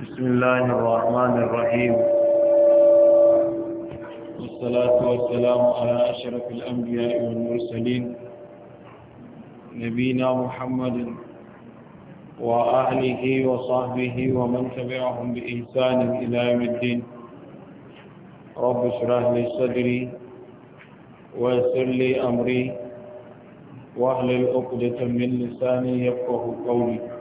بسم الله الرحمن الرحيم والصلاة والسلام على أشرف الأنبياء والمرسلين نبينا محمد وأهله وصحبه ومن تبعهم بإنسان إلى يوم الدين رب اشرح لي صدري ويسر لي أمري واحلل عقدة من لساني يفقه قولي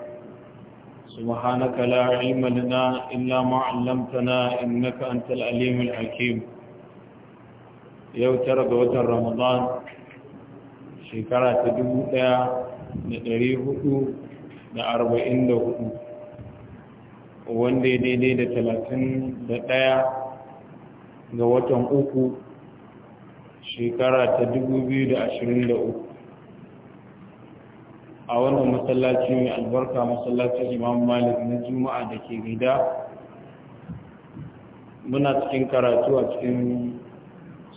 سبحانك لا علم لنا إلا ما علمتنا إنك أنت الأليم الحكيم يوتر قوة رمضان شكرا تدبو دا نتريه دا أربعين دا وان دي دي دي دا تلاتين دا دا قوة أكو shekara ta 2023 a wannan masallaci mai albarka masallacin imam malik na juma'a da ke gida muna cikin karatu a cikin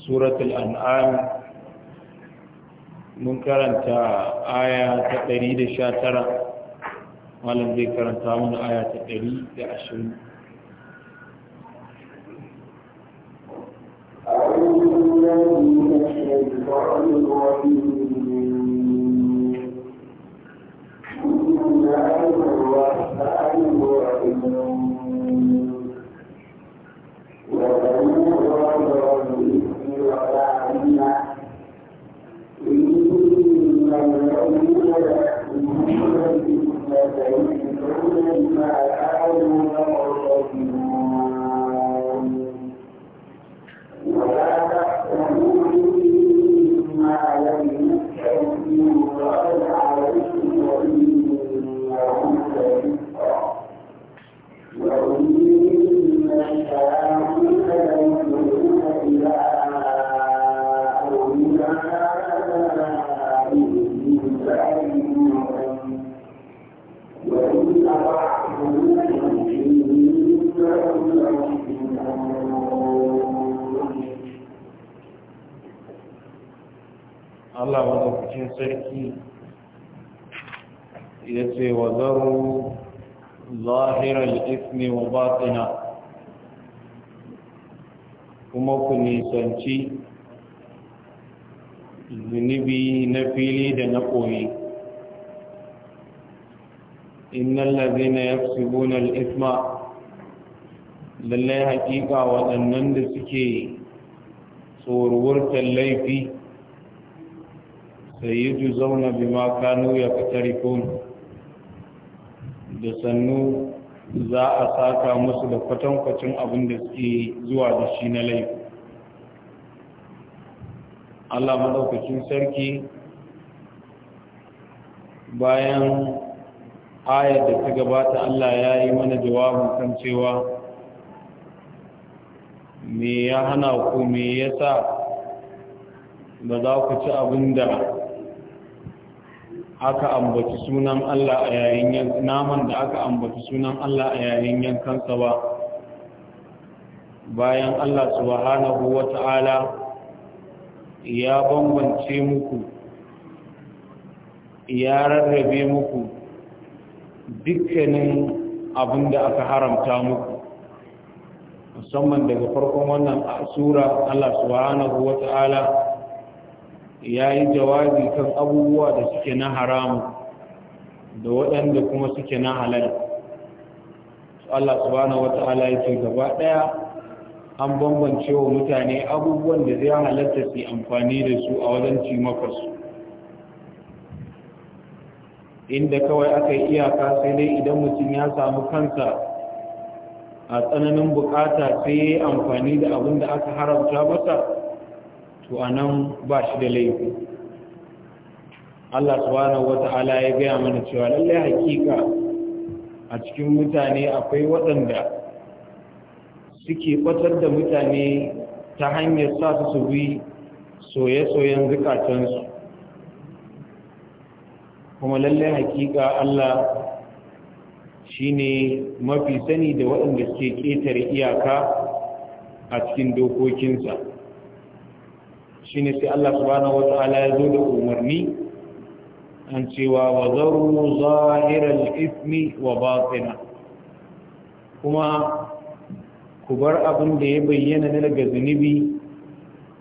suratul an'am mun karanta aya ta 119 malam zai karanta mana aya ta 120 أعوذ بالله من الشيطان الرجيم ಸಂಬಂಧಿಸಿದ ke tsoruwurtar laifi sai yi ju zauna bi ma kanu ya fitarikun da sannu za a saka musu da kwatankwacin abin da suke zuwa da shi na laifi allah maɗaukacin sarki bayan ayar da ta gabata allah ya yi mana jawabin kan cewa me ya hana ku me ya sa ba za ku ci abin da aka ambaci sunan Allah a yayin naman da aka ambaci sunan Allah a yayin yankansa ba bayan Allah subhanahu wata'ala ya bambance muku ya rarrabe muku dukkanin abin da aka haramta muku musamman daga farkon wannan sura Allah subhanahu wa ta'ala ya yi jawabi kan abubuwa da suke na haramu da waɗanda kuma suke na halal Allah subhanahu wa ta'ala ya ce gaba ɗaya an bambance wa mutane abubuwan da zai halatta su amfani da su a wajen cimakarsu inda kawai aka yi iyaka sai dai idan mutum ya samu kansa a tsananin bukata sai ya yi amfani da abin da aka haramta masa to a nan ba shi da laifi Allah subhanahu wa ta'ala ya gaya mana cewa lallai hakika a cikin mutane akwai waɗanda suke kwatar da mutane ta hanyar sa su su bi soye-soyen zukatansu kuma lallai hakika Allah shine mafi sani da waɗanda suke ƙetare iyaka a cikin dokokinsa shine sai Allah subhanahu wata'ala ya zo da umarni an cewa wa zaru zahiral ismi wa batina kuma ku bar abin da ya bayyana na daga zunubi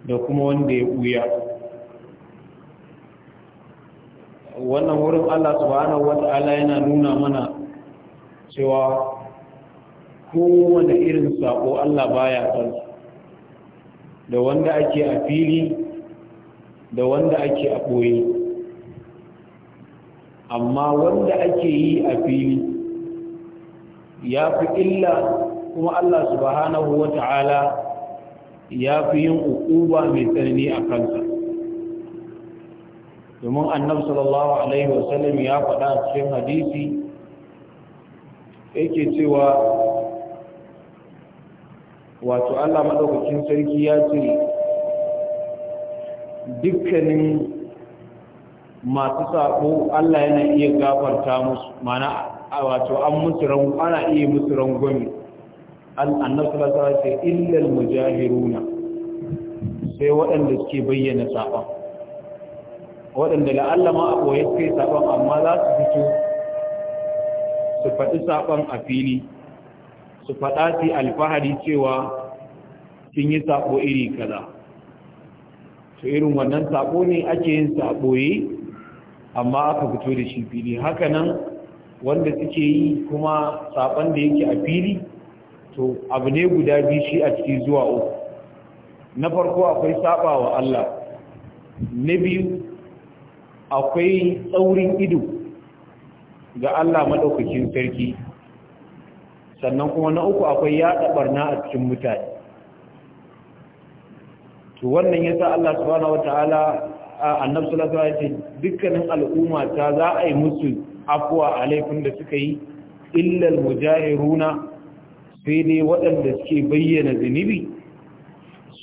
da kuma wanda ya ɓuya wannan wurin Allah subhanahu wata'ala yana nuna mana cewa kowane irin sako Allah baya son da wanda ake a fili da wanda ake a ɓoye amma wanda ake yi a fili ya fi illa kuma Allah subhanahu wa ta'ala ya fi yin ukuba mai tsanani a kansa domin annabi sallallahu alaihi wasallam ya faɗa cikin hadisi yake cewa wato Allah madaukakin sarki ya ce dukkanin masu sako Allah yana iya gafarta musu mana wato an musu ana iya musu rangwami annabi sallallahu alaihi wasallam ce illal mujahiruna sai waɗanda suke bayyana saƙon waɗanda la'allama a ɓoye suke saƙon amma za su fito su faɗi saɓon a fili su faɗa su alfahari cewa sun yi saɓo iri kaza su irin wannan saɓo ne ake yin saɓoye amma aka fito da shi fili hakanan wanda suke yi kuma saɓon da yake a fili to abu ne guda biyu shi a ciki zuwa uku na farko akwai saɓa wa Allah na biyu akwai tsaurin ido ga Allah maɗaukakin sarki sannan kuma na uku akwai ya ɓarna a cikin mutane to wannan yasa Allah subhanahu wataala annabi sallallahu alaihi wasallam ya dukkanin al'umma ta za a yi musu afwa a laifin da suka yi illa al-mujahiruna sai dai waɗanda suke bayyana zunubi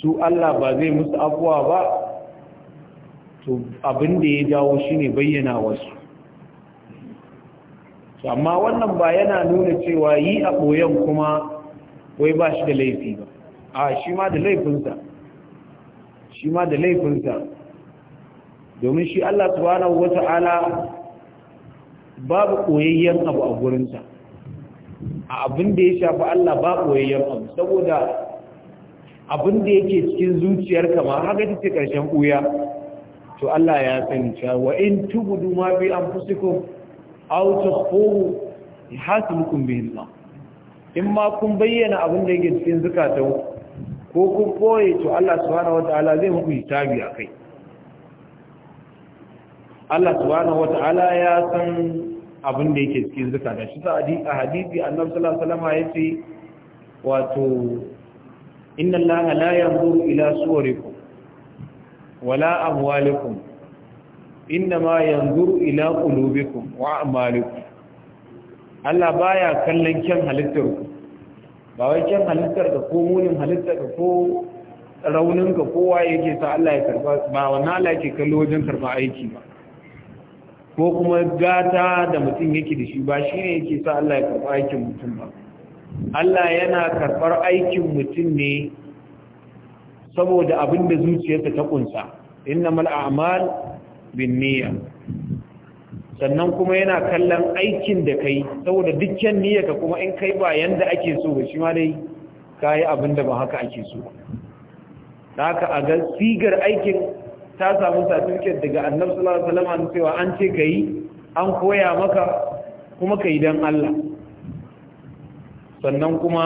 su Allah ba zai musu afwa ba to abin da ya jawo shine bayyana wasu amma wannan ba yana nuna cewa yi a ɓoyen kuma wai ba shi da laifi ba a shi ma da laifinsa shi ma da laifinsa domin shi Allah subhanahu wata'ala babu ɓoyayyen abu a gurinsa a abin da ya shafi Allah ba ɓoyayyen abu saboda abin da yake cikin zuciyarka ma haka ce ƙarshen uya, to Allah ya sani cewa wa in tubudu ma bi anfusikum aw tukhfuhu yahasibukum bihi Allah in ma kun bayyana abin da yake cikin zakatun ko kun koye to Allah subhanahu wataala zai muku hisabi akai Allah subhanahu wataala ya san abin da yake cikin zakatun shi sa a hadisi Annabi sallallahu alaihi wasallam yace wato inna Allah la yanzuru ila suwarikum wala amwalikum ma yanzuru ila qulubikum wa a'malikum Allah baya kallon kyan halittar ku ba wai kyan halittar da ko munin halittar ko raunin ka kowa yake sa Allah ya karba ba wannan Allah yake kallo wajen karba aiki ba ko kuma gata da mutum yake da shi ba shine yake sa Allah ya karba aikin mutum ba Allah yana karbar aikin mutum ne saboda abin da zuciyarsa ta kunsa innamal a'mal bin niyya sannan kuma yana kallon aikin da kai saboda dukkan niyyarka kuma in kai ba yanda ake so ba shi ma dai kai abin da ba haka ake so haka a ga sigar aikin ta samu certificate daga Annabi sallallahu alaihi wasallam cewa an ce kai an koya maka kuma kai dan Allah sannan kuma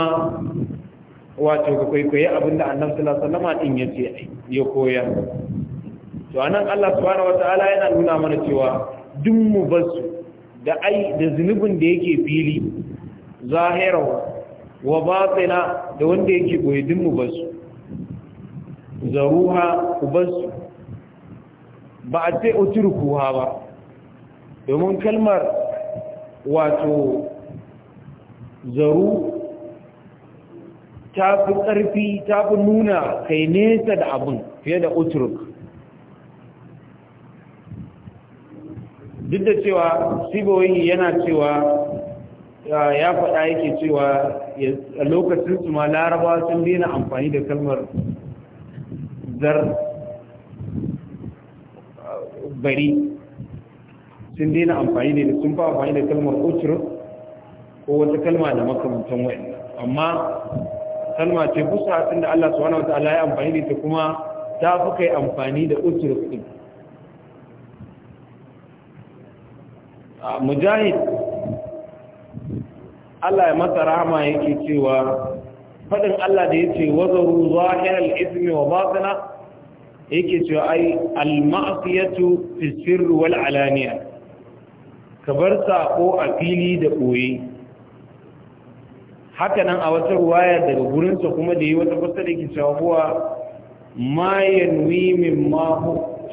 wato ka kwaikwaye abin da Annabi sallallahu alaihi wasallam din ya ce ya koya to anan Allah subhanahu wataala yana nuna mana cewa duk mu basu da ai da zinubin da yake fili zahirau wa batina da wanda yake goyi duk mu basu zaruha basu. ba a ce utrukuha ba domin kalmar wato zaru ta fi ƙarfi ta fi nuna kai nesa da abin fiye da utruk duk da cewa siboyi yana cewa ya faɗa yake cewa a lokacin su ma larabawa sun daina amfani da kalmar zar bari sun daina amfani da sun fa amfani da kalmar utur ko wata kalma da makamantan wai amma kalma ce kusa tun da Allah wani wata ta'ala ya amfani da ita kuma ta fi kai amfani da utur din mujahid Allah ya masa rahama yake cewa fadin Allah da yace wazaru al-ithmi wa batina yake cewa ai al ma'siyatu fi sirr wal alaniya kabar sako a fili da boye haka nan a wata ruwaya daga gurinsa kuma da yi wata fasta da yake cewa huwa ma yanwi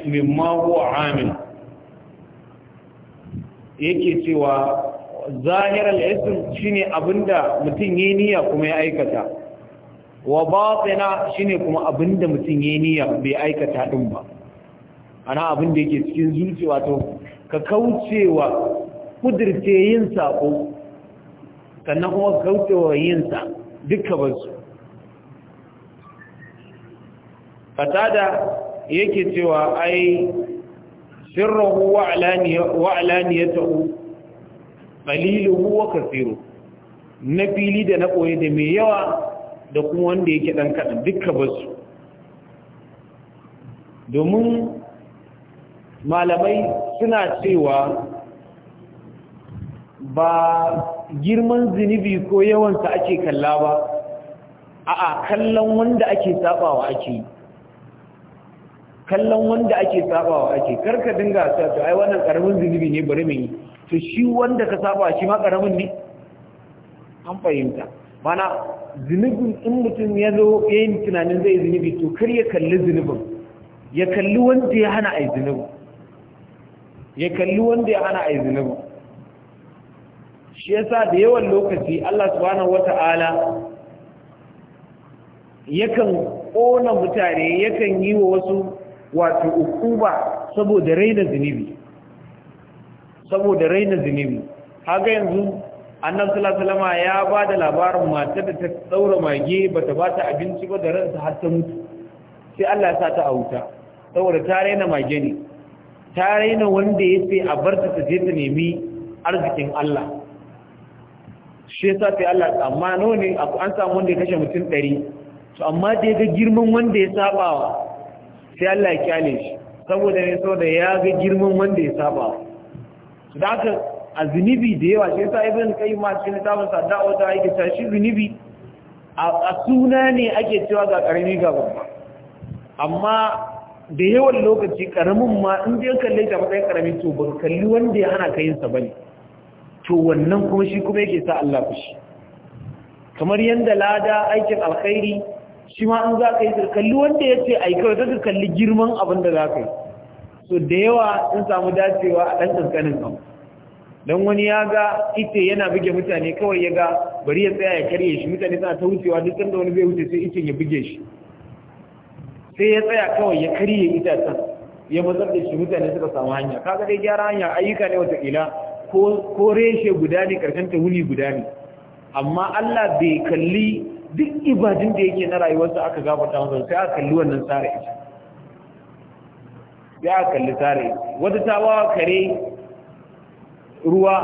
mimma huwa amin yake cewa zahirar ism shine abinda mutum yi niyya kuma ya aikata wa batina shine kuma abinda mutum yi niyya bai aikata din ba ana abinda yake cikin zuciya to ka kaucewa kudirce yin saƙo sannan kuma ka kaucewa yin sa duka fata da yake cewa ai sirrahu wa alaniyatahu qaliluhu wa kathiru na fili da na koye da mai yawa da kuma wanda yake dan duka dukkan basu domin malamai suna cewa ba girman zinubi ko yawansa ake kalla ba a'a kallon wanda ake sabawa ake yi kallon wanda ake sabawa ake karka dinga sa to ai wannan karamin zunubi ne bari mu yi to shi wanda ka saba shi ma karamin ne an fahimta mana zunubin in mutum ya zo yayin tunanin zai zunubi to kar ya kalli zunubin ya kalli wanda ya hana ai zunubi ya kalli wanda ya hana ai zunubi shi yasa da yawan lokaci Allah subhanahu wata'ala yakan ƙona mutane yakan yi wa wasu wato ukuba saboda raina zunubi saboda raina zunubi haka yanzu annabi sallallahu alaihi wasallam ya ba da labarin matar da ta tsaura mage bata ba ta abinci ba da ransa har ta mutu sai Allah ya sa ta auta saboda ta raina mage ne ta raina wanda ya sai a bar ta je ta nemi arzikin Allah shi yasa sai Allah amma nawa ne an samu wanda ya kashe mutum 100 to amma da ya ga girman wanda ya sabawa sai Allah ya kyale shi saboda ne saboda ya ga girman wanda ya saba su da aka a zunubi da yawa shi sa ibn kai ma cikin littafin sa da'awa ta aiki. ta shi zunubi a suna ne ake cewa ga karami ga babba amma da yawan lokaci karamin ma in yankan kalle ta matsayin karami to ba kalli wanda ya hana ka yin sa bane to wannan kuma shi kuma yake sa Allah fushi kamar yanda lada aikin alkhairi shi ma in za ka yi kalli wanda ya ce ai kawai zaka kalli girman abin da za ka yi so da yawa sun samu dacewa a ɗan ƙanƙanin kan don wani ya ga ite yana buge mutane kawai ya ga bari ya tsaya ya karye shi mutane suna ta wucewa duk sanda wani zai wuce sai icen ya buge shi sai ya tsaya kawai ya karye itacen ya matsar da shi mutane suka samu hanya kaga dai gyara hanya ayyuka ne watakila ko reshe guda ne karkanta wuni guda ne amma Allah bai kalli duk ibadin da yake na rayuwarsa aka gabata masa sai aka kalli wannan tsare ita ya aka kalli tsare wata ta ba kare ruwa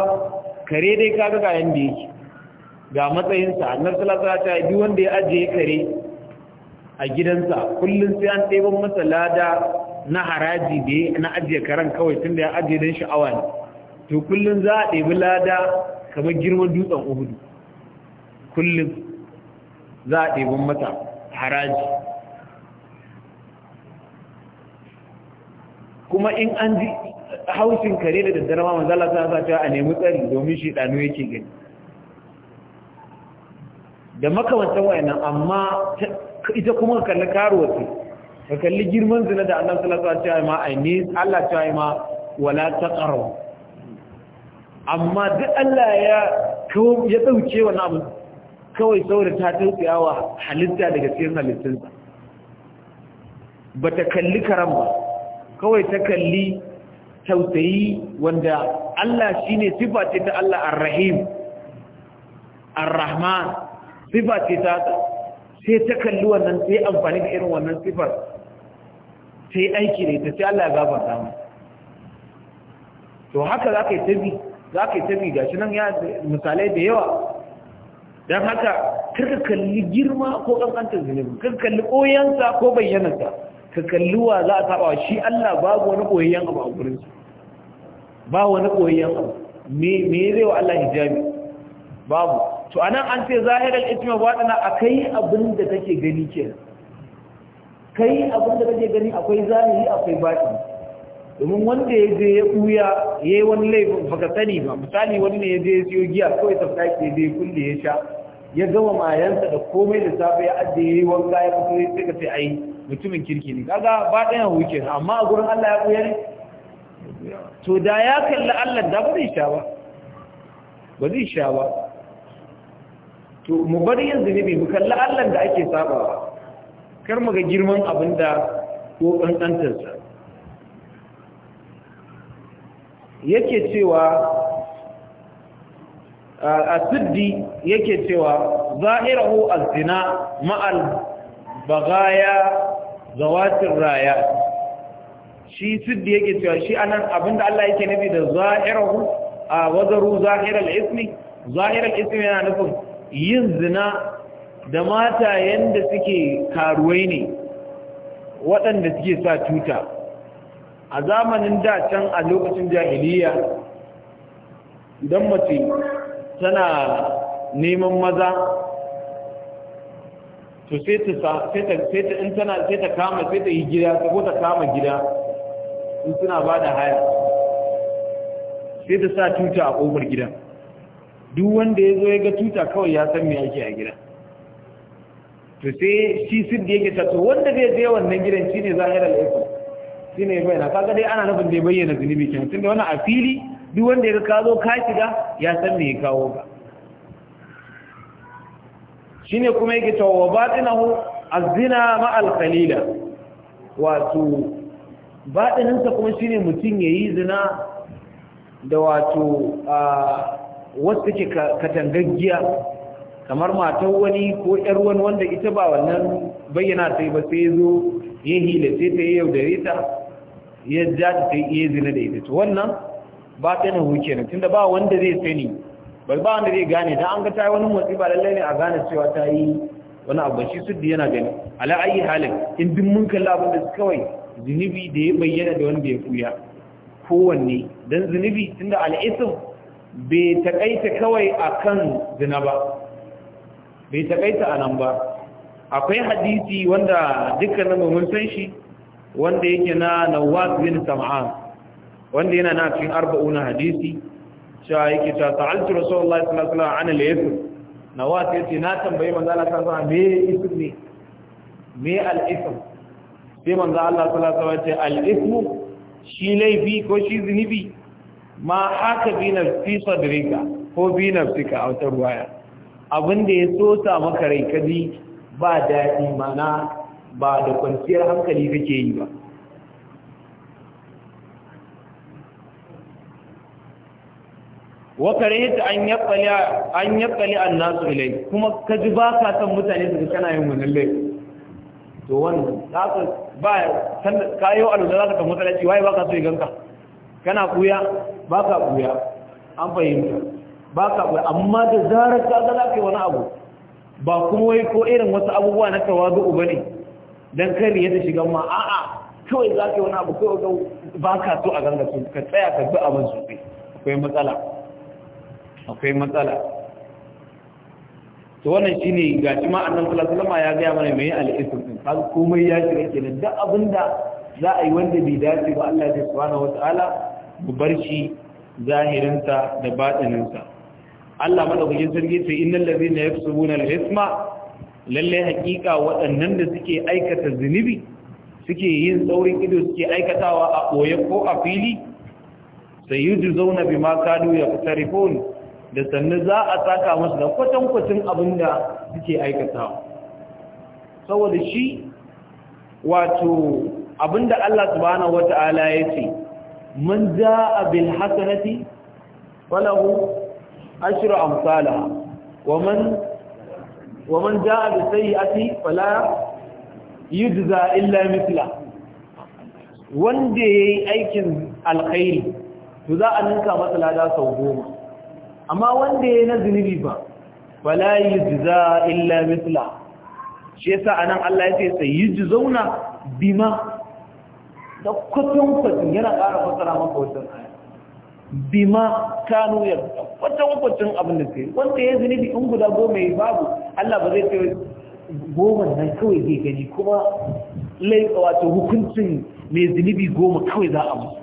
kare dai kaga ga yanda yake ga matsayinsa na sallallahu ta yi duk wanda ya ajiye kare a gidansa Kullum sai an ɗebo masa lada na haraji da na ajiye karen kawai tunda ya ajiye don sha'awa ne to kullum za a ɗebi lada kamar girman dutsen uhudu kullun za a ɗebin mata haraji kuma in an ji haushin kare da daddare ma manzala ta sa cewa a nemi tsari domin shi ɗanu yake gani da makamantar wayannan amma ita kuma ka kalli karuwa ce ka kalli girman zina da Allah sallallahu alaihi cewa ma ne Allah ta yi ma wala karo amma duk Allah ya ya dauke wannan abu kawai saboda ta tautsiyawa halitta daga cikin halittunsa ba ta kalli karam ba kawai ta kalli tausayi wanda Allah shi ne sifa ce ta Allah ar-rahim ar-rahman sifa ce ta sai ta kalli wannan sai amfani da irin wannan sifar sai aiki ne ta sai Allah ya gafarta mu to haka za ka yi tabi za ka yi tabi gashi nan ya misalai da yawa don haka karka kalli girma ko kankantar zunubi karka kalli koyansa ko bayyanarsa ka kalli wa za a taba shi Allah babu wani koyayyen abu a gurinsa ba wani koyayyen abu me zai wa Allah hijabi babu to anan an ce zahirar itima waɗana a kai abin da take gani kenan kai abin da take gani akwai zahiri akwai baɗi domin wanda ya je ya ɓuya ya yi wani laifin baka sani ba misali wani ne ya je ya siyo giya kawai ya tafka ke je kulle ya sha ya gama mayansa da komai da safe ya ajiye ya yi wanka ya fito ya tsaka sai yi mutumin kirki ne kaga ba ɗayan wuce amma a gurin Allah ya ɓuya ne to da ya kalli Allah da ba zai sha ba ba zai sha ba to mu bari yanzu ne mu kalli Allah da ake sabawa kar mu ga girman abin da ko ƙanƙantarsa yake cewa asiddi yake cewa zahirahu azina ma'al bagaya zawatin raya shi siddi yake cewa shi anan abinda Allah yake nufi da zahirahu a wazaru zahiral ismi zahiral ismi yana nufin yin zina da mata yanda suke karuwai ne waɗanda suke sa tuta a zamanin da can a lokacin jahiliya idan mace tana neman maza to sai ta in tana sai ta kama sai ta yi gida ta ko ta kama gida in suna ba da haya sai ta sa tuta a ƙofar gidan duk wanda ya zo ya ga tuta kawai ya san me ake a gidan to sai shi da yake ta to wanda zai je wannan gidan shine zahirar al'ifin shi ne bayyana kaga dai ana nufin da ya bayyana zunubi kenan tunda wannan a fili duk wanda ya ka zo ka shiga ya san me ya kawo ka ne kuma yake cewa wa batinahu azina ma al wato baɗininsa kuma shine mutum yayi zina da wato a wasu ke katangaggiya kamar matar wani ko ƴar wani wanda ita ba wannan bayyana sai ba sai zo ya hila sai ta yi yaudare ta ya za ta kai iya zina da ita to wannan ba ta na huce na tunda ba wanda zai sani ba ba wanda zai gane da an ga ta wani motsi ba lallai ne a gane cewa ta yi wani abu shi da yana gani ala ayi halin in mun kalla abin da kawai zunubi da ya bayyana da wanda ya kuya kowanne don zunubi tunda al'isim bai taƙaita kawai kan zina ba bai a nan ba akwai hadisi wanda dukkanin mun san shi wanda yake na nawas bin sam'an wanda yana na cikin arba'una hadisi cewa yake ta sa'altu rasulullahi sallallahu alaihi wasallam an al-yasr nawas yace na tambayi manzo Allah sallallahu alaihi wasallam me ism ne me al-ism sai manzo Allah sallallahu alaihi wasallam ya ce al-ism shi laifi ko shi zunubi ma haka bi nafsi sadrika ko bi nafsika a wata ruwaya abinda ya so sosa maka rai kaji ba daɗi mana ba da kwanciyar hankali kake yi ba wa karihta an an yaqali an-nas ilai kuma ka ji ba ka san mutane su kana yin wannan laifi to wannan ka ba san kayo za zaka kan mutane wai ba ka so ganka kana kuya ba ka kuya an fahimta ba ka kuya amma da zarar ka ga ke wani abu ba kuma wai ko irin wasu abubuwa na tawazu bane dan kari ya shiga ma a'a kawai za ka yi wani abu kawai ga ba ka so a ganga su ka tsaya ka bi abin su akwai matsala akwai matsala to wannan shine ga shi ma annabi sallallahu alaihi wasallam ya gaya mana mai al-ism din komai ya shiga da duk abinda za a yi wanda bai dace ba Allah ya subhanahu wataala mu bar shi zahirinsa da batininsa Allah madaukakin sarki ce innal ladhina yaksubuna al-isma Lallai hakika waɗannan da suke aikata zunubi suke yin saurin ido suke aikatawa a ɓoye ko a fili sai yi ji zauna bi ma kanu ya tarifon da sannu za a saka masu da kwatankwacin abin da suke aikatawa saboda shi wato abin da Allah subhanahu ala ya ce man a bil hasarati falahu ashiru amsalha wa man wa man jaa bi sayyi'ati fala yujza illa wanda yayi aikin alkhairi to za a ninka masa lada sau goma amma wanda yayi na zunubi ba fala yujza illa mithla shi yasa anan Allah ya ce sayyujzauna bima da kwatan kwatan yana ƙara fasara maka wannan aya bima kanu ya wata wakwacin abin da sai wanda ya zunubi in guda goma ya babu Allah ba zai ce goma nan kawai zai gani kuma lai wato hukuncin mai zunubi goma kawai za a musu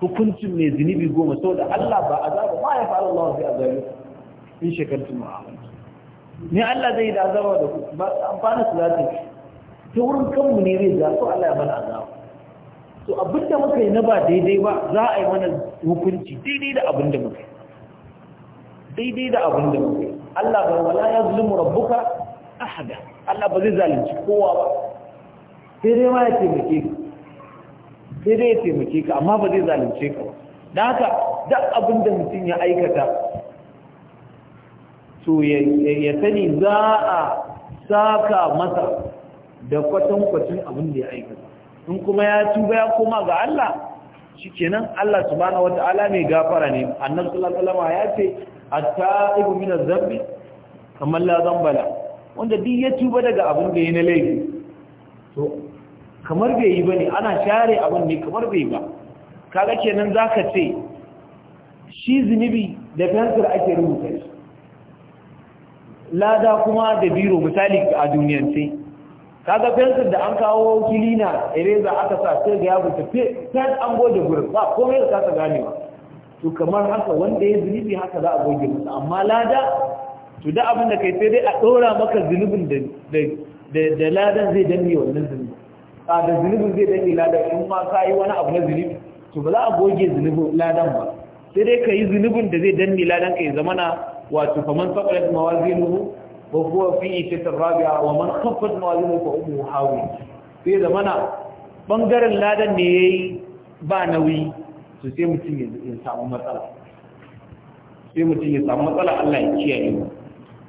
hukuncin mai zunubi goma sau da Allah ba azaba ma ya faru Allah zai azabi in shekartu mu'amala ni Allah zai da azaba da ku ba amfana su za ta ta wurin kanmu ne zai za su Allah ya mana azaba to abinda muka yi na ba daidai ba za a yi mana hukunci daidai da abin da muke daidai da abin da muke Allah ba wala ya zulmu rabbuka ahada Allah ba zai zalunci kowa ba sai dai ma ya taimake ka sai dai ya taimake ka amma ba zai zalunce ka ba dan haka duk abin da mutum ya aikata to ya sani za a saka masa da kwatankwacin abin da ya aikata in kuma ya tuba ya koma ga Allah shikenan Allah subhanahu wataala mai gafara ne annabi sallallahu alaihi wasallam ya ce at-ta'ibu min adh-dhanbi kamar la dhanbala wanda duk ya tuba daga abin da yi na laifi to kamar bai yi bane ana share abin ne kamar bai ba kaga kenan zaka ce shi zunubi da fensir ake rubuta shi lada kuma da biro misali a duniyance kaga fensir da an kawo kilina ereza aka sa sai ga yabo tafi sai an goge gurin ba komai da kasa ganewa to kamar haka wanda ya zunubi haka za a goge masa amma lada to da abin da kai sai dai a dora maka zunubin da da da ladan zai danne wannan zunubi a da zunubin zai danne ladan in ma ka yi wani abu na zunubi to ba za a goge zunubin ladan ba sai dai ka yi zunubin da zai danne ladan ka ya zamana wato faman saƙalar mawazinu وهو في إيتة الرابعه ومن خفت موازينه فأمه حاوي في زمانا بنجر لادن ني ba nauyi to sai mutum ya samu matsala sai mutum ya samu matsala Allah ya kiyaye mu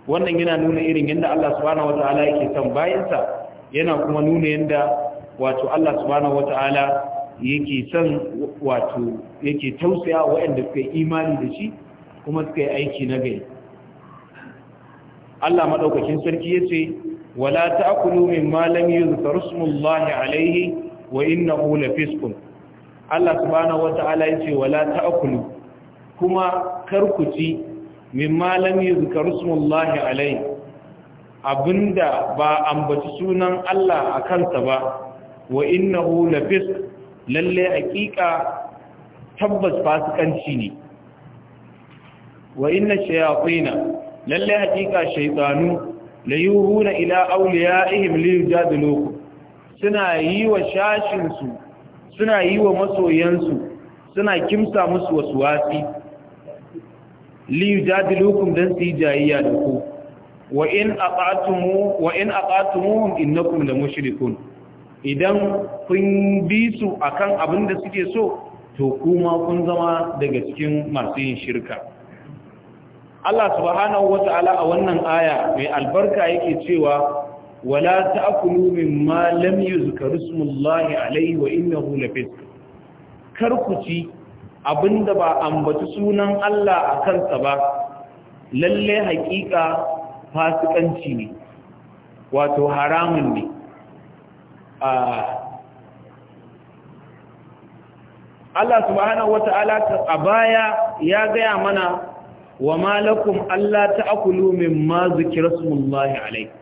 wannan yana nuna irin yadda Allah subhanahu wataala yake son bayansa yana kuma nuna yadda wato Allah subhanahu wataala yake son wato yake tausaya waɗanda suka imani da shi kuma suka yi aiki na gari Allah maɗaukakin sarki ya ce, wala ta'kulu mimma lam yuzkar ismullahi alayhi wa hula fiskun. Allah subhanahu wata'ala yace wala ta'kulu kuma karkuci mimma lam yuzkar ismullahi alayhi abinda ba ambaci sunan Allah a kansa ba wa hula fisk lalle hakika tabbas fasikanci ne wa inna shayatina lalle hakika shaytanu la yuhuna ila awliyaihim li yujadiluku suna yi wa shashin su suna yi wa masoyansu suna kimsa musu waswasi li yujadilukum dan su yi jayayya da ku wa in aqatumu wa in aqatumuhum innakum la mushrikun idan kun bi su akan abin da suke so to kuma kun zama daga cikin masu yin shirka Allah subhanahu wata'ala a wannan aya mai albarka yake cewa wala ta'kulu mimma lam yuzkar ismullahi alayhi wa innahu lafisq kar ku ci abinda ba ambaci sunan Allah a kansa ba lalle haƙiƙa fasikanci ne wato haramun ne Allah subhanahu wata'ala a baya ya gaya mana wa malakum Allah ta'kulu mimma zikra smullahi alayhi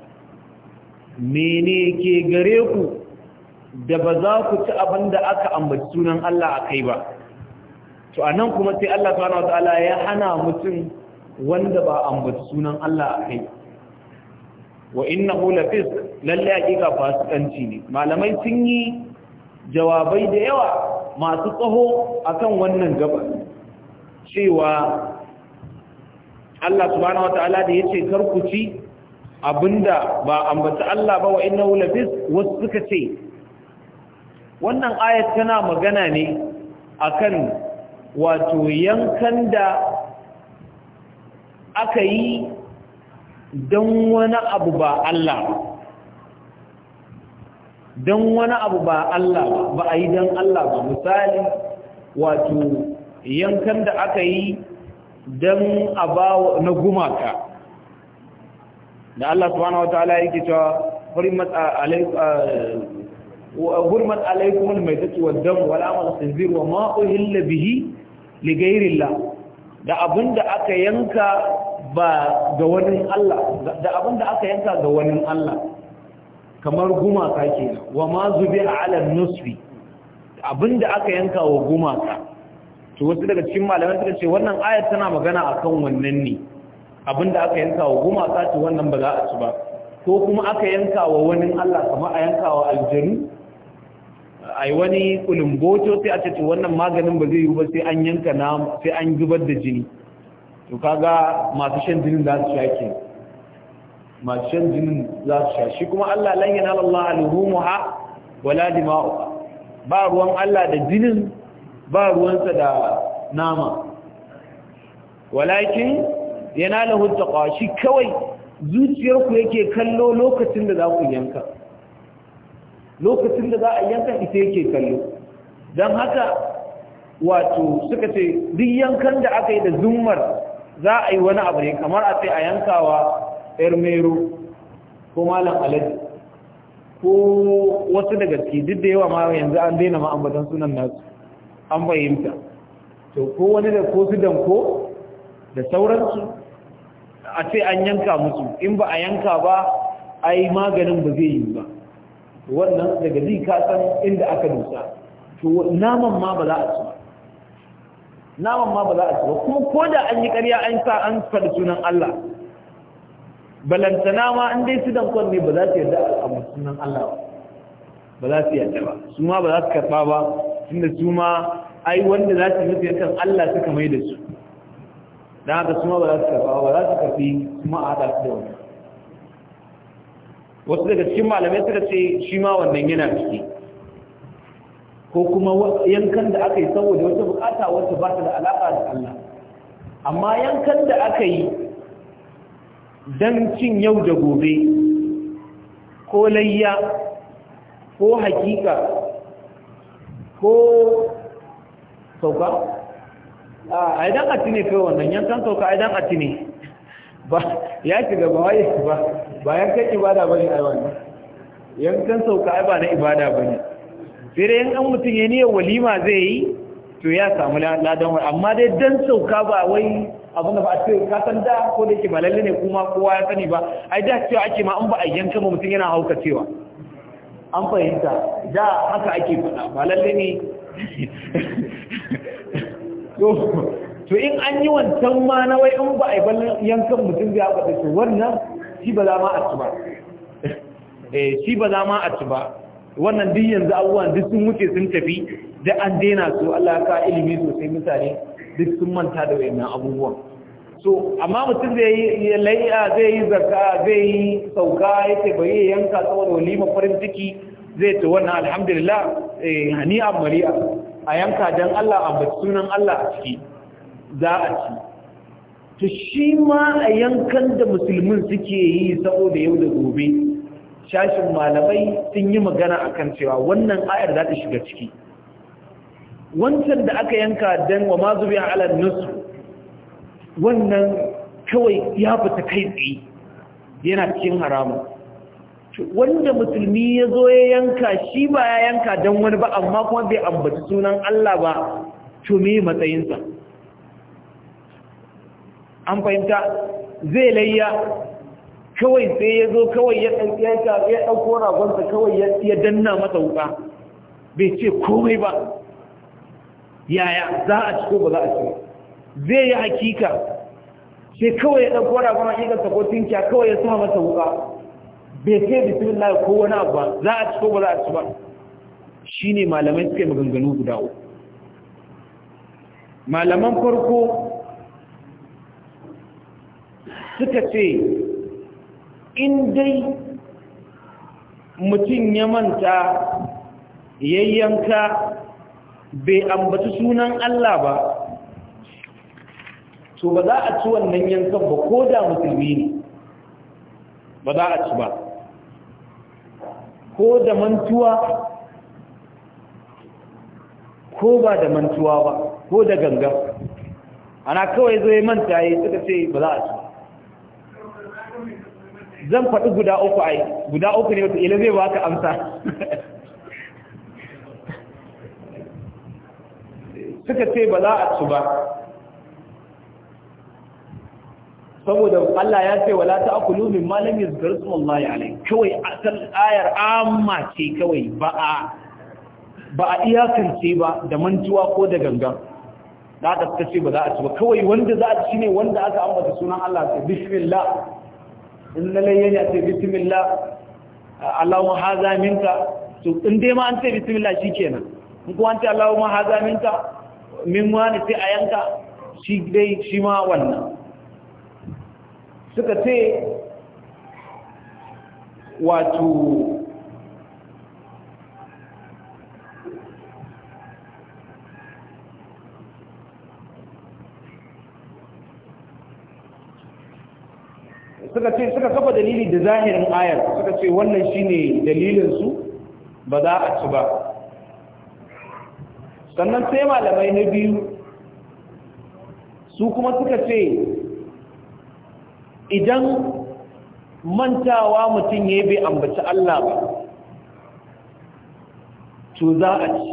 mene ke gare ku da ba za ku ci abin da aka ambaci sunan Allah akai ba to anan kuma sai Allah subhanahu wataala ya hana mutum wanda ba ambaci sunan Allah akai wa innahu lafis lalle hakika fasikanci ne malamai sun yi jawabai da yawa masu tsaho akan wannan gaba cewa Allah subhanahu wataala da yace kar ku ci abinda ba ambata Allah ba wa innahu lafis wasu suka ce wannan ayat tana magana ne akan wato yankan da aka yi don wani abu ba Allah ba don wani abu ba Allah ba a yi don Allah ba misali wato yankan da aka yi don a na gumaka da Allah subhanahu wataala yake cewa hurmat alaikum hurmat mai almaytatu wa dam wal amal khinzir wa ma uhilla bihi li ghayrillah da abinda aka yanka ba ga wani Allah da abinda aka yanka ga wani Allah kamar gumaka kenan wa ma zubi'a ala nusbi abinda aka yanka wa gumaka to wasu daga cikin malamai suka ce wannan ayat tana magana akan wannan ne abinda aka yanka wa gumaka ce wannan ba za a ci ba ko kuma aka yanka wa wani Allah kamar a yanka wa aljanu ai wani kulumboto sai a ce wannan maganin ba zai yi ba sai an yanka na sai an zubar da jini to kaga masu shan jinin za su sha ke masu shan jinin za su sha shi kuma Allah lan yanala Allah alhumuha wala dima'uha ba ruwan Allah da jinin ba ruwansa da nama walakin yana lahun taƙwa shi kawai zuciyarku yake kallo lokacin da za ku yanka lokacin da za a yanka ita yake kallo don haka wato suka ce duk yankan da aka yi da zummar za a yi wani abu ne kamar a sai a yankawa ermero ko malam alaji ko wasu daga ciki duk da yawa ma yanzu an daina ma'ambatan sunan nasu an fahimta to ko wani da ko su danko da sauransu a ce an yanka musu in ba a yanka ba ai maganin ba zai yi ba wannan daga zai kasan inda aka dusa to naman ma ba za a ci ba naman ma ba za a ci ba kuma ko da an yi ƙarya an sa an faɗi sunan Allah balantana ma an dai su dankon ne ba za su yarda a sunan Allah ba za su yarda ba su ma ba za su karɓa ba tunda su ma ai wanda za su mutu yankan Allah suka mai da su Da haka su ma ba za su kafa ba za su kafi kuma a haɗa su da wani wasu daga cikin malamai suka ce shi ma wannan yana ciki ko kuma yankan da aka yi saboda wata bukata wata ba ta da alaƙa da Allah amma yankan da aka yi don cin yau da gobe ko layya ko hakika ko sauka a idan ati ne kai wannan yankan sauka idan ati ne ba ya shiga ba waye ba ba yankan ibada bane ai wannan yankan sauka ai ba na ibada bane sai dai yankan an mutum ya niyyar walima zai yi to ya samu ladan wani amma dai dan sauka ba wai abin da ba a ce ka san da ko da yake ba lalle ne kuma kowa ya sani ba ai da cewa ake ma an ba a yankan mutum yana hauka cewa an fahimta da haka ake faɗa ba lalle ne to in an yi wancan ma na wai in ba a yi ballon yankan mutum zai haɓa dace, wannan shi ba za ma a ci ba eh, shi ba za ma a ci ba wannan duk yanzu abubuwan duk sun wuce sun tafi da an daina su allaka ka ilimi sosai mutane duk sun manta da wayannan abubuwan so amma mutum zai yi lai'a zai yi zarka zai yi sauka yace bai yanka saboda walima farin ciki zai ce wannan alhamdulillah eh, a mari'a a yanka dan Allah a sunan Allah a ciki za a ci to shi ma a yankan da musulmin suke yi saboda yau da gobe shashin malamai sun yi magana a kan cewa wannan ayar za ta shiga ciki wancan da aka yanka don wa mazubi a ala nusu wannan kawai ya fita kai tsaye yana cikin haramun wanda musulmi ya zo ya yanka shi ba ya yanka don wani ba amma kuma bai ambaci sunan Allah ba to me matsayinsa an fahimta zai layya kawai sai ya zo kawai ya ya ɗauko ragonsa kawai ya danna masa wuka bai ce komai ba yaya za a ciko ba za a ciko zai yi hakika sai kawai ya ɗauko ragon hakikarsa ko tinkiya kawai ya sa masa wuka bai sai bismillah ko wani abu ba za a ci ko ba za a ci ba shine malamai suka yi maganganu guda uku malaman farko suka ce in dai mutum ya manta yayyanka bai ambaci sunan Allah ba to ba za a ci wannan yankan ba ko da musulmi ne ba za a ci ba ko da mantuwa ko ba da mantuwa ba ko da ganga ana kawai zai manta yi suka ce ba za a ci zan faɗi guda uku ai guda uku ne wata zai ba ka amsa suka ce ba za a ci ba saboda Allah ya ce wala ta'kulu mimma lam yuzkar ismullahi alayhi kawai asal ayar amma ce kawai ba a ba a iyakance ba da mantuwa ko da gangan da aka suka ba za a ci ba kawai wanda za a ci ne wanda aka ambata sunan Allah ta bismillah in la layya ne ce bismillah Allahumma hadha minka to in dai ma an ce bismillah shikenan in kuma an ce Allahumma hadha minka min wani sai a yanka shi dai shi ma wannan suka ce wato suka ce suka kafa dalili da zahirin ayar suka ce wannan shine dalilinsu ba za a ci ba sannan sai malamai na biyu su kuma suka ce idan mantawa mutum ya bai ambaci Allah ba to za a ci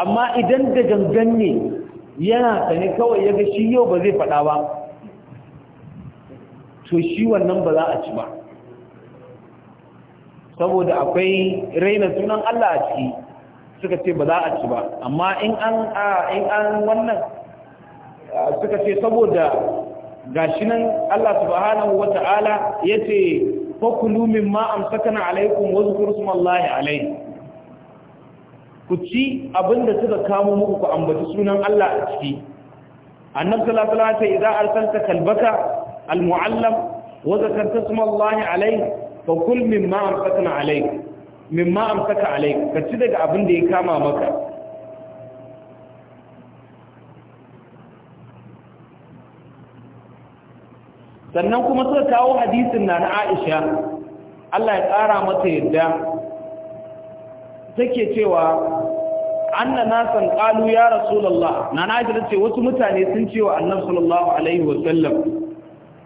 amma idan da gangan ne yana sane kawai ya ga shi yau ba zai faɗa ba to shi wannan ba za a ci ba saboda akwai raina sunan Allah a ciki suka ce ba za a ci ba amma in an wannan suka ce saboda gashi nan Allah subhanahu wata'ala yace fakulu mimma amsakana alaikum wazkuru smallahi alaihi ku ci abinda suka kamo muku ku ambaci sunan Allah a ciki annabi sallallahu alaihi wasallam idza arsalta kalbaka almuallam wa zakarta smallahi alaihi fakul mimma amsakana alaihi mimma amsaka alaihi ka ci daga abin da ya kama maka sannan kuma suka kawo hadisin na na aisha Allah ya ƙara mata yadda take cewa anna nasan qalu ya rasulullah na najira ce wasu mutane sun ce wa annabi sallallahu alaihi wasallam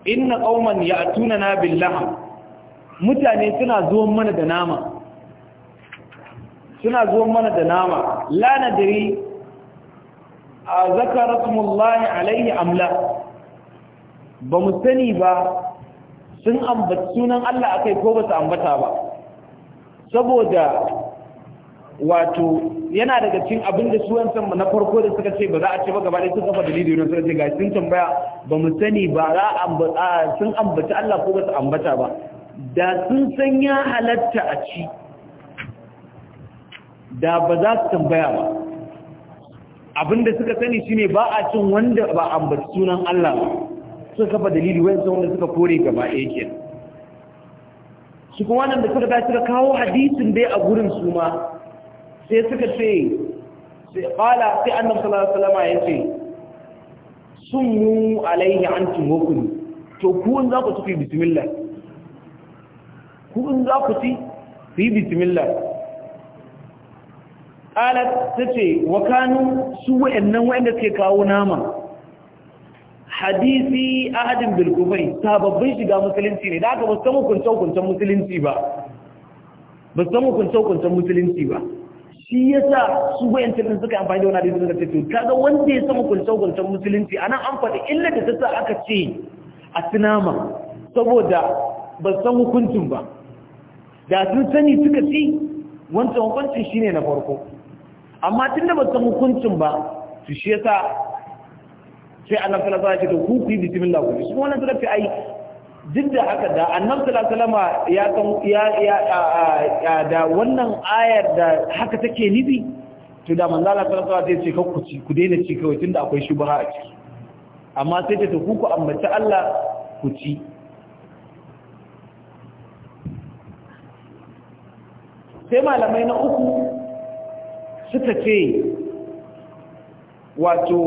inna qauman ya'tunana na laham mutane suna zuwan mana da nama suna zuwan mana da nama la nadri azkaratumullah alaihi amla ba mu sani ba sun ambata sunan Allah akai ko ba su ambata ba saboda wato yana daga cikin abin da su wancan na farko da suka ce ba za a ce ba gaba da sun kafa dalili ne suka ce ga sun tambaya ba mu sani ba za a sun ambata Allah ko ba su ambata ba da sun san ya halatta a ci da ba za su tambaya ba abinda suka sani shine ba a cin wanda ba ambaci sunan Allah ba sun kafa dalili wani sun wanda suka kore gaba ɗaya ke su kuma wannan da suka ta suka kawo hadisin dai a gurin su ma sai suka ce sai Fala, sai annabi sallallahu alaihi wasallam ya ce sun mu alaihi an tumokuni to ku in za ku ci yi bismillah ku in za ku ci ku yi bismillah qalat tace wa kanu su wa'annan wa'anda suke kawo nama hadisi ahadin bilkufai sababbin shiga musulunci ne da aka ba san hukunce-hukuncen musulunci ba ba san hukunce-hukuncen musulunci ba shi ya sa su bayan cikin suka amfani da wani adisun da ce kaga wanda ya san hukunce-hukuncen musulunci a nan an faɗi illa da ta sa aka ce a sinama saboda ba san hukuncin ba da sun sani suka ci wancan hukuncin shine na farko amma tun da ba san hukuncin ba su shi ya sa sai annabi sallallahu alaihi wasallam ya ce to ku yi bismillah ku shi wannan suka ce ai duk da haka da annabi sallallahu alaihi wasallam ya san ya ya da wannan ayar da haka take nibi to da manzo Allah sallallahu alaihi wasallam ya ce ku ci ku daina ci kawai tunda akwai shubha a ciki amma sai ta to ku ku ambaci Allah ku ci sai malamai na uku suka ce wato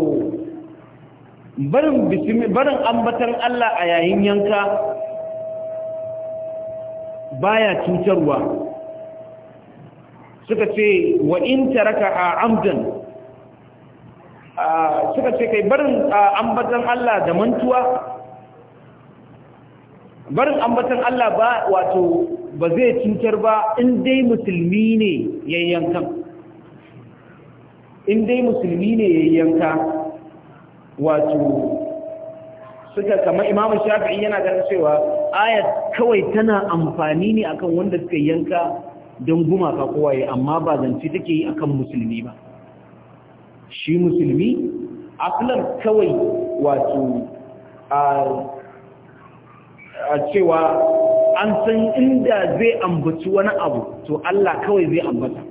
barin barin ambatan Allah a yayin yanka baya cutarwa suka ce wa in taraka a amdan suka ce kai barin ambatan Allah da mantuwa barin ambatan Allah ba wato ba zai cutar ba in dai musulmi ne yayyankan in dai musulmi ne yayyanka wato suka kamar imamu shafi'i yana ganin cewa ayat kawai tana amfani ne akan wanda suka yanka don gumaka kowaye amma ba zance take yi akan musulmi ba shi musulmi aslan kawai wato a cewa an san inda zai ambaci wani abu to Allah kawai zai ambata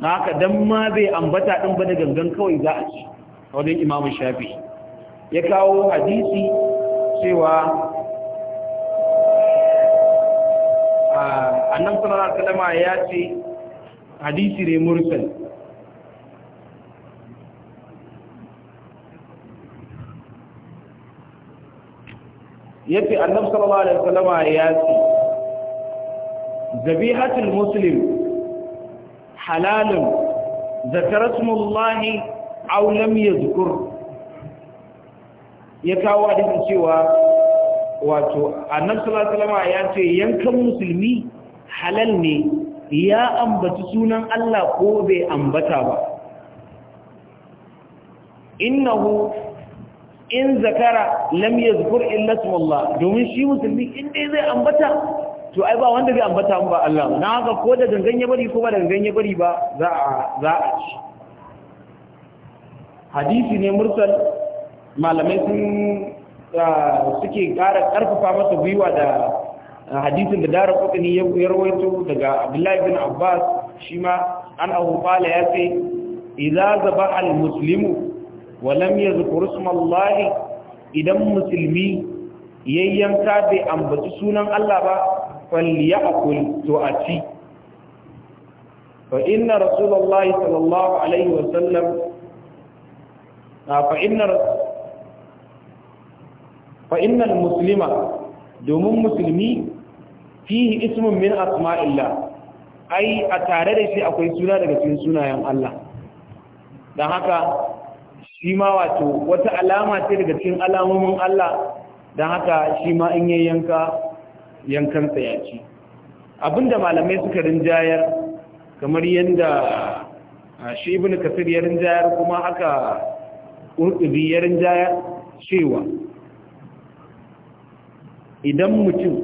na haka don ma zai ambata ɗin ba da gangan kawai za a ci wajen imamun shafi'i ya kawo hadisi cewa a nan sanar wasallam ya ce hadisi ne mursal yace annab sallallahu alaihi wasallam ya ce zabihatul muslim halalun zakarasmullahi aw lam yadhkur ya kawo hadisin cewa wato annabi sallallahu ya ce yankan musulmi halal ne ya ambaci sunan Allah ko bai ambata ba innahu in zakara lam yazkur illa Allah domin shi musulmi in dai zai ambata to ai ba wanda zai ambata ba Allah na ga ko da gangan ya bari ko ba da gangan ya bari ba za a za a ci hadisi ne mursal malamai sun ah, suke kara ƙarfafa masa gwiwa da hadisin da dara kutani ya rawaito daga abdullahi bin abbas shi ma an abu fala ya ce idza zaba al muslimu wa lam yadhkur ismallahi idan musulmi yayyanka bai ambaci sunan Allah ba falyakul to a ci fa inna rasulullahi sallallahu alaihi wa sallam fa inna fa musulma, domin musulmi fihi ismun min asma'illah ai a tare da shi akwai suna daga cikin sunayen Allah don haka shi ma wato wata alama ce daga cikin alamomin Allah don haka shi ma in yanka yankan tsayaci abinda malamai suka rinjayar kamar yadda shi ibn kasir ya rinjayar kuma haka urdubi ya rinjayar cewa idan mutum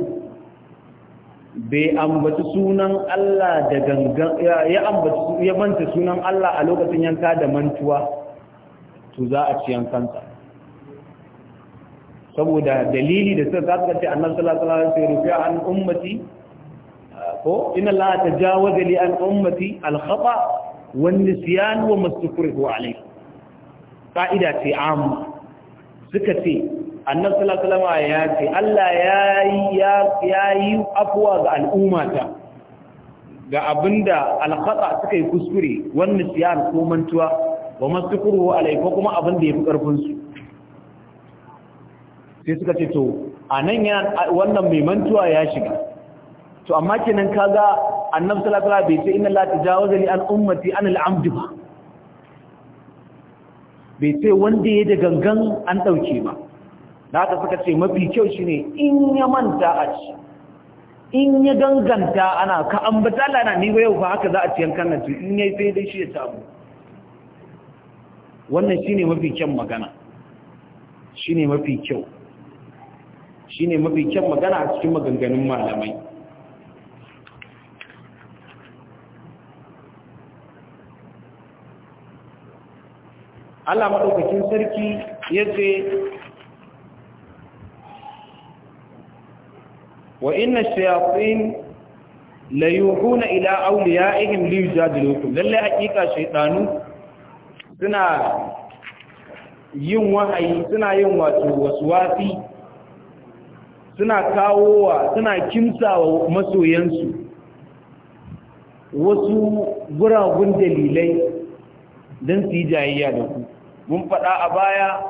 bai ambaci sunan Allah da gangan ya ambaci ya manta sunan Allah a lokacin yanka da mantuwa to za a ci yankansa saboda dalili da suka zaka ce annabi sallallahu alaihi wasallam rufi an ummati ko inna la tajawaza li an ummati al khata wan nisyan wa mastukrihu alayhi qaida ce amma suka ce annabi sallallahu alaihi ya ce Allah ya ya yi afwa ga al'ummata ga abinda alkhata suka yi kuskure wannan siyar ko mantuwa wa masukuru alai ko kuma abinda yafi karfin su sai suka ce to anan ya wannan mai mantuwa ya shiga to amma kenan kaga annabi sallallahu alaihi wasallam bai ce inna la tajawaza li an ummati an al'amd ba bai ce wanda ya da gangan an dauke ba da ta suka ce mafi kyau shi ne in ya manta a ci in ya danganta ana ka ambata Allah na ni yau fa haka za a ci yankan nan in ya sai dai shi ya samu wannan shi ne mafi kyan magana shi ne mafi kyau shi ne mafi kyan magana a cikin maganganun malamai Allah maɗaukakin sarki ya ce wa inna shayatin la yuhuna ila awliyaihim li yujadilukum lalle hakika shaytanu suna yin wahayi suna yin wato waswasi suna kawowa suna kimsawa masoyansu wasu guragun dalilai don su yi jayayya da ku mun faɗa a baya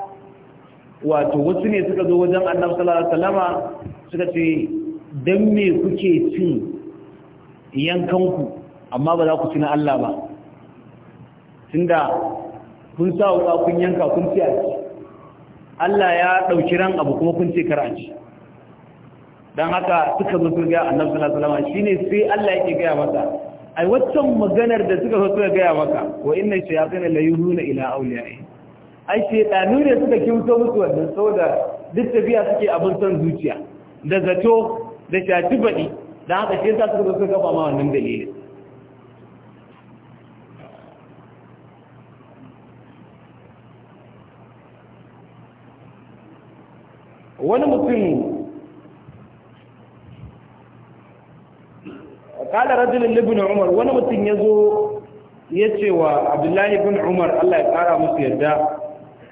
wato wasu ne suka zo wajen annabi salama suka ce don me kuke cin yankanku amma ba za ku ci na Allah ba tunda kun sa wuka kun yanka kun ci a ci Allah ya ɗauki ran abu kuma kun ce kar a ci don haka suka mutu sun gaya annabi sallallahu alaihi wasallam shine sai Allah yake gaya masa ai waccan maganar da suka zo suka gaya maka wa inna shayatin la yuhuna ila awliya'i ai shaytanu ne suka kimto musu wannan saboda duk tafiya suke abin son zuciya da zato da shafi baɗi da haka shi ta suka suka kafa ma wannan dalilin wani mutum kada rajulun libin umar wani mutum ya zo ya ce wa abdullahi bin umar allah ya kara musu yarda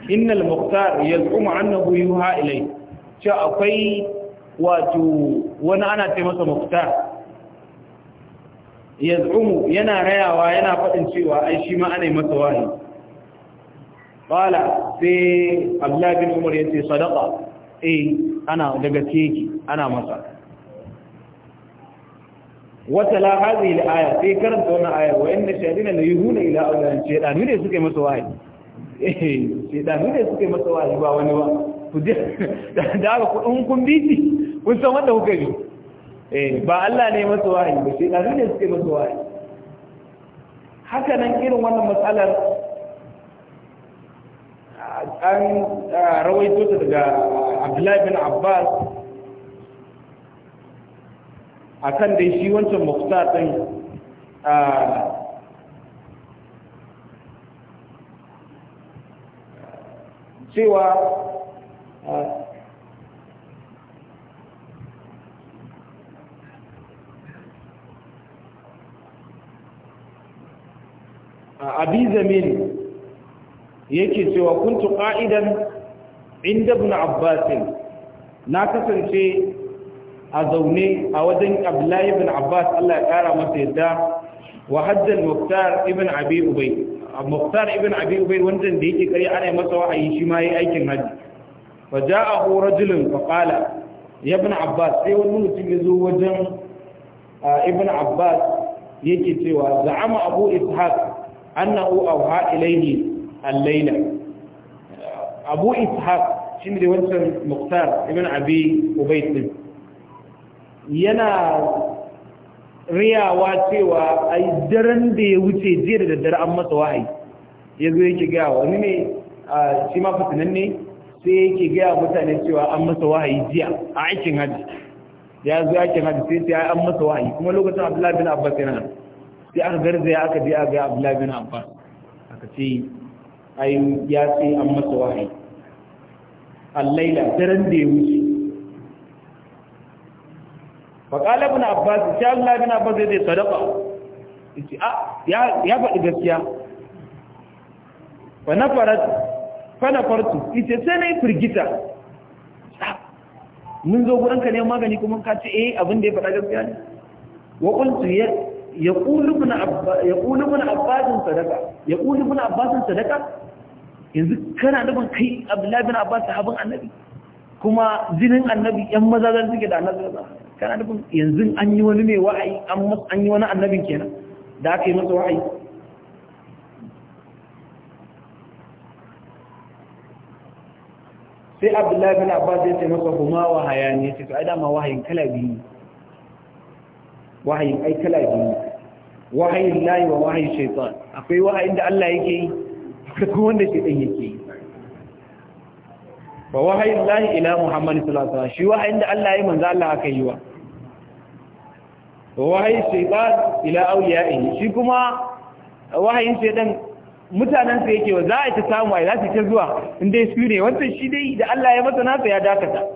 innal muktar ya zuma annahu yuha ilai ce akwai wato wani ana ce masa muftar ya zumu yana rayawa yana faɗin cewa ai shi ma ana yi masa wahayi ƙwala sai abdullabin umar ya ce sadaka eh ana daga teki ana masa wata la hazi aya sai karanta wannan aya wa inna na la yuhuna ila ce shaydan ne suke masa wahayi eh shaydan ne suke masa wahayi ba wani ba ku je da ga ku in kun biti kun san wanda kuka bi eh ba Allah ne masa wahayi ba sai Allah ne suke masa wahayi haka nan irin wannan matsalar an rawaito ta daga Abdullahi bin Abbas akan dai shi wancan muftar din cewa abi zamin yake cewa kuntu qa'idan inda ibn abbas na kasance a zaune a wajen abdullahi ibn abbas Allah ya kara masa yadda wa haddan muftar ibn abi ubay muftar ibn abi ubay wanda da yake kare ana masa wa'ayi shi ma yayi aikin haji fa ja'ahu rajulun fa qala ya ibn abbas sai wani mutum ya zo wajen ibn abbas yake cewa za'ama abu ishaq annahu awha ilayhi al-layla abu ishaq shine da wancan muktar ibn abi ubayd din yana riyawa cewa ai daren da ya wuce jiya da daddare an masa wahayi ya zo yake gaya wani ne shi ma fitinan ne sai yake gaya mutane cewa an masa wahayi jiya a aikin hajji ya zo aikin hajji sai sai an masa wahayi kuma lokacin abdullahi bin abbas yana sai aka garzaya aka je ga Abdullahi bin Abbas aka ce ai ya ce an masa wahayi al-laila daren da ya wuce fa qala ibn Abbas sai Allah bin Abbas zai sadaka yace a ah, ya ya faɗi gaskiya fa nafarat fa nafartu yace sai nayi firgita ah, mun zo gurinka ne magani kuma ka ce eh abin da ya faɗa gaskiya ne wa qultu ya ƙuli mana abbasin sadaka, ya ƙuli mana abbasin sadaka yanzu kana nufin kai abdullahi bin abbas sahabin annabi kuma jinin annabi yan maza zan suke da annabi kana nufin yanzu an yi wani mai wa'ayi an yi wani annabin kenan da aka yi masa wa'ayi sai abdullahi bin abbas ya ce masa kuma wahaya ne ce to ai dama wahayin kala biyu wahayin ai kala biyu wahayin layi wa wahayin shaitan akwai wahayin da Allah yake yi akwai wanda shaitan yake yi wa wahayin layi ila Muhammadu salatu alaihi shi wahayin da Allah ya manza Allah aka yi wa wa wahayin shaitan ila yi shi kuma wahayin shaitan mutanen sa yake wa za a ta samu a za ta zuwa in dai su ne wannan shi dai da Allah ya masa nasa ya dakata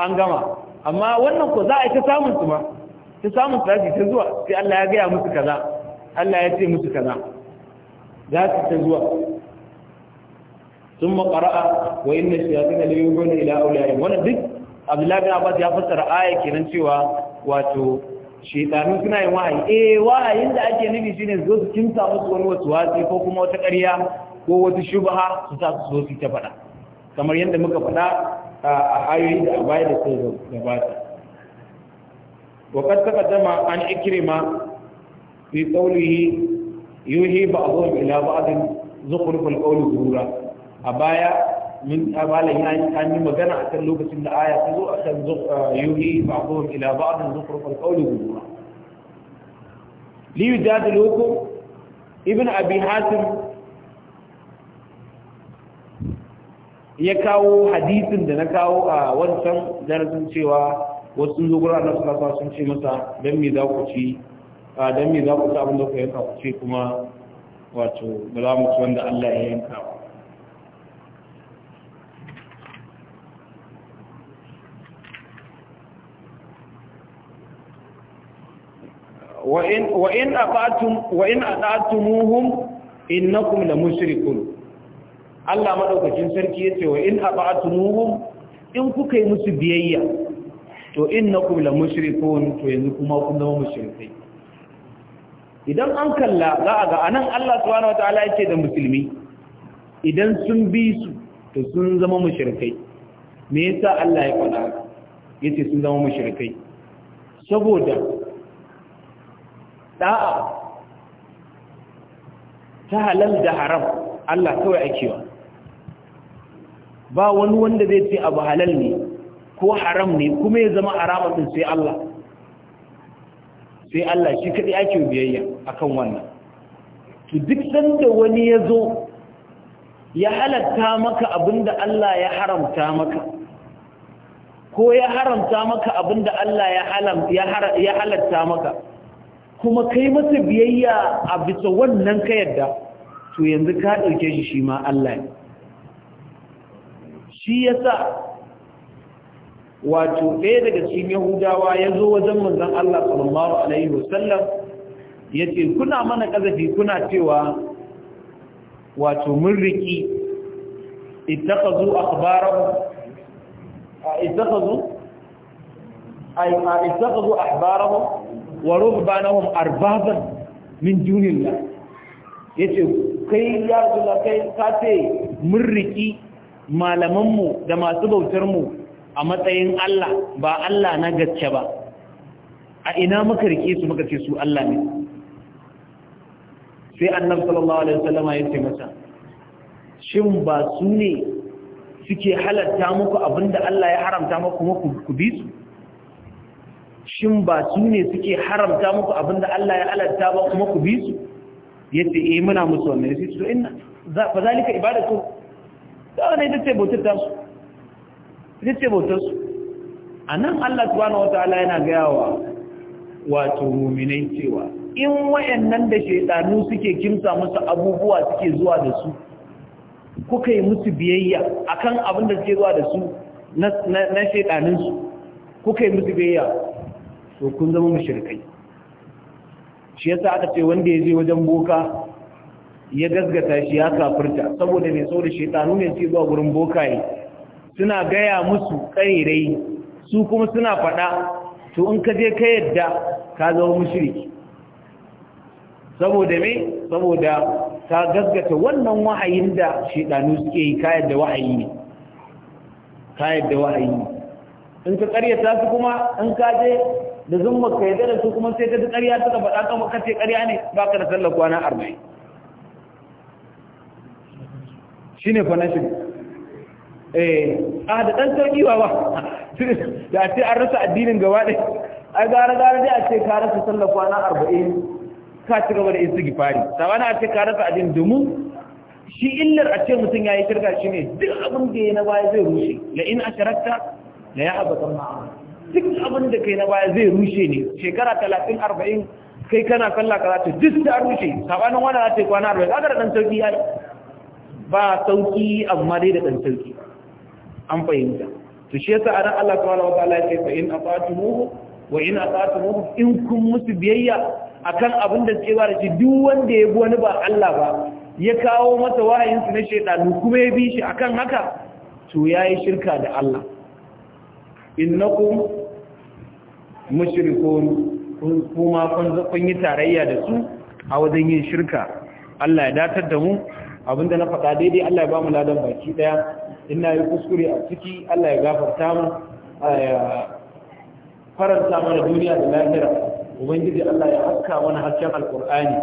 an gama amma wannan ko za a ta samun su ma ta samun su ta zuwa sai Allah ya gaya musu kaza Allah ya ce musu kaza za su ta zuwa ثم قرأ وإن الشياطين ليوحون ila أوليائهم wannan duk Abdullahi bin Abbas ya fassara aya kenan cewa wato shaytanu suna yin wahayi eh wahayin da ake nufi shine zo su samu musu wani wasu wasi ko kuma wata ƙarya ko wata shubha su sa su zo su ta faɗa kamar yadda muka faɗa a ayoyi da baya da sai gabata wa qad taqaddama an ikrima fi qawlihi yuhi ba'dhum ila ba'd zukhruf al-qawl ghurura a baya min abalan an yi magana akan lokacin da aya ta zo akan yuhi ba'dhum ila ba'd ibn abi ya kawo hadisin da na kawo a wancan darasin cewa wasu zugura na sun ce masa don me za ku ci a don me za ku sa abin da ku yanka ku ce kuma wato ba za mu ci wanda Allah ya yanka Wa in ba in na kuma da mushrikun Allah maɗaukacin sarki ya ce wa'in muhun in kuka yi musu biyayya to kuma da mushrikun to yanzu kuma kun zama mushrikai idan an kalla za a ga anan Allah subhanahu wataala yake da musulmi idan sun bi su to sun zama mushrikai me yasa Allah ya faɗa yace sun zama mushrikai saboda da'a ta halal da haram Allah kawai ake wa ba wani wanda zai ce abu halal ne ko haram ne kuma ya zama haramun sai Allah sai Allah shi kaɗai ake biyayya akan wannan to duk sanda wani ya zo ya halatta maka abinda Allah ya haramta maka ko ya haramta maka abinda Allah ya halatta maka kuma kai masa biyayya a bisa wannan ka yadda to yanzu ka ɗauke shi shi ma Allah ne shi yasa wato ɗaya daga cikin yahudawa ya zo wajen manzon Allah sallallahu alaihi wasallam ya ce kuna mana ƙazafi kuna cewa wato mun riki ittakazu akhbarahu ittakazu ay ittakazu ahbarahum wa ruhbanahum arbaban min Ya ce kai ya rasulullah kai ka ce mun riki malamanmu da masu bautar a matsayin Allah ba Allah na gaske ba a ina muka rike su muka ce su Allah ne sai annabi sallallahu alaihi wasallam ya ce masa shin ba su ne suke halatta muku abinda Allah ya haramta muku muku ku bi su shin ba su ne suke haramta muku abinda Allah ya halatta ba kuma ku bi su yace eh muna musu wannan sai su inna fa zalika ibadatu da ne tace bautar ta su ita ce su a nan Allah subhanahu wataala yana gaya wa wato muminai cewa in wayannan da shaidanu suke kimsa musu abubuwa suke zuwa da su kuka yi musu biyayya akan abin da suke zuwa da su na na su kuka yi musu biyayya to kun zama mushrikai shi yasa aka ce wanda ya je wajen boka ya gasgata shi ya kafirta saboda mai saboda shaidanu ne suke zuwa boka bokaye suna gaya musu ƙarirai su kuma suna faɗa to in ka je ka yadda ka zama mushriki saboda me saboda ka gaggata wannan wahayin da shedanu suke yi ka yadda wahayi ne ka yadda wahayi ne in ka ƙaryata su kuma in ka je da zumma ka yadda da su kuma sai ka ji ƙarya suka faɗa ka maka ce ƙarya ne ba ka da sallar kwana arba'in shine fa na eh a ah, da ɗan sauƙi ba ba da a ce an rasa addinin gaba ɗai a gara gara dai a ce ka rasa sallar kwana arba'in ka ci gaba da yin sigifari sabana a ce ka rasa addinin domin shi illar a ce mutum ya yi shirka shi ne duk abin da ya na baya zai rushe la in a sharakta la ya haɓa kan ma'amala duk abin da kai na baya zai rushe ne shekara talatin arba'in kai kana sallah ka zata duk da rushe sabanin wani za ce kwana arba'in ka da ɗan sauƙi ba sauƙi amma dai da ɗan sauƙi an fahimta to shi yasa anan Allah subhanahu wataala ya fa in ata'tumuhu wa in ata'tumuhu in kun musu biyayya akan abin da suke ba da shi duk wanda ya bi wani ba Allah ba ya kawo masa wahayin su na shaytanu kuma ya bi shi akan haka to yayi shirka da Allah innakum mushrikun kuma kun yi tarayya da su a wajen yin shirka Allah ya datar da mu abinda na faɗa daidai Allah ya ba mu ladan baki daya in na yi kuskure a ciki Allah ya gafarta mu faranta mana duniya da lahira ubangiji Allah ya haska mana hasken alqur'ani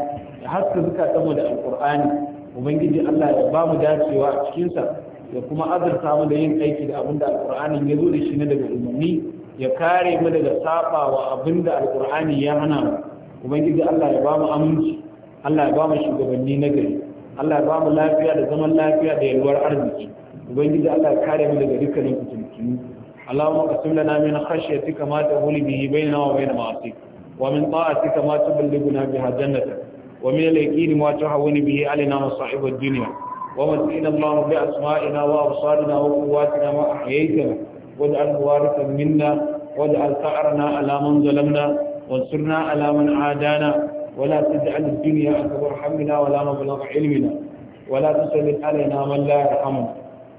ya haska zukatanmu da alkur'ani ubangiji Allah ya ba mu dacewa a cikinsa ya kuma azurta mu da yin aiki da abinda alqur'anin ya zo da shi na daga umarni ya kare mu daga sabawa abinda alqur'ani ya hana mu ubangiji Allah ya ba mu aminci Allah ya ba mu shugabanni na gari Allah ya ba mu lafiya da zaman lafiya da yalwar arziki ubangiji Allah ya kare mu daga dukkanin fitintunu Allahumma qasim lana min khashyatika ma tahulu bihi bainana wa bain ma'asik wa min ta'atika ma tuballighuna biha jannatak wa min al-yaqini ma tuhawwini bihi alaina masa'ib ad-dunya wa matina Allahumma bi asma'ina wa absarina wa quwwatina ma ahyaytana waj'al warithan minna واجعل ثأرنا على من ظلمنا وانصرنا على من عادانا ولا تجعل الدنيا أكبر حمنا ولا مبلغ علمنا ولا تسلط علينا من لا يرحمنا